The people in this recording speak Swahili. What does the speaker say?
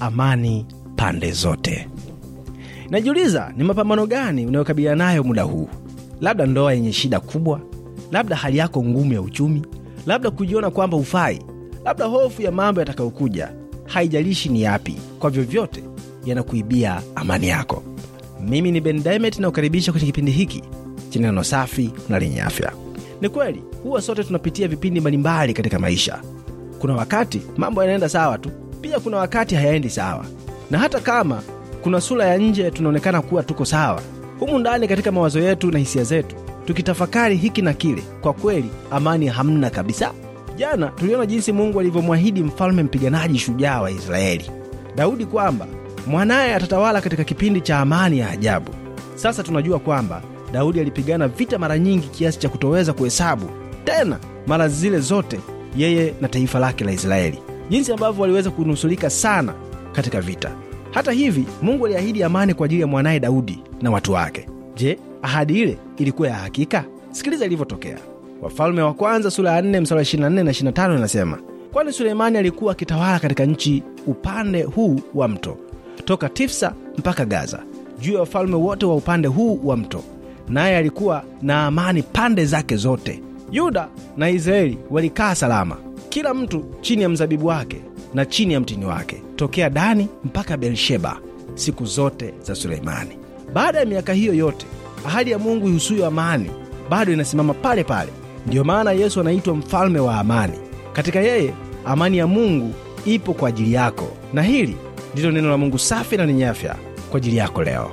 amani pande zote. Najiuliza, ni mapambano gani unayokabiliana nayo muda huu? Labda ndoa yenye shida kubwa, labda hali yako ngumu ya uchumi, labda kujiona kwamba ufai labda hofu ya mambo yatakayokuja. Haijalishi ni yapi, kwa vyovyote yanakuibia amani yako. Mimi ni Ben Dimet na kwenye kipindi hiki chenye neno safi na lenye afya. Ni kweli huwa sote tunapitia vipindi mbalimbali katika maisha. Kuna wakati mambo yanaenda sawa tu pia kuna wakati hayaendi sawa, na hata kama kuna sura ya nje tunaonekana kuwa tuko sawa, humu ndani, katika mawazo yetu na hisia zetu, tukitafakari hiki na kile, kwa kweli amani hamna kabisa. Jana tuliona jinsi Mungu alivyomwahidi mfalme mpiganaji shujaa wa Israeli Daudi kwamba mwanaye atatawala katika kipindi cha amani ya ajabu. Sasa tunajua kwamba Daudi alipigana vita mara nyingi kiasi cha kutoweza kuhesabu tena, mara zile zote yeye na taifa lake la Israeli jinsi ambavyo waliweza kunusulika sana katika vita. Hata hivi, Mungu aliahidi amani kwa ajili ya mwanaye Daudi na watu wake. Je, ahadi ile ilikuwa ya hakika? Sikiliza ilivyotokea. Wafalme wa Kwanza sura ya 4 mstari 24 na 25 inasema, kwani Suleimani alikuwa akitawala katika nchi upande huu wa mto toka Tifsa mpaka Gaza, juu ya wafalme wote wa upande huu wa mto, naye alikuwa na amani pande zake zote. Yuda na Israeli walikaa salama kila mtu chini ya mzabibu wake na chini ya mtini wake, tokea Dani mpaka Belsheba siku zote za Suleimani. Baada ya miaka hiyo yote, ahadi ya Mungu ihusuyo amani bado inasimama pale pale. Ndiyo maana Yesu anaitwa mfalme wa amani. Katika yeye amani ya Mungu ipo kwa ajili yako, na hili ndilo neno la Mungu safi na lenye afya kwa ajili yako leo.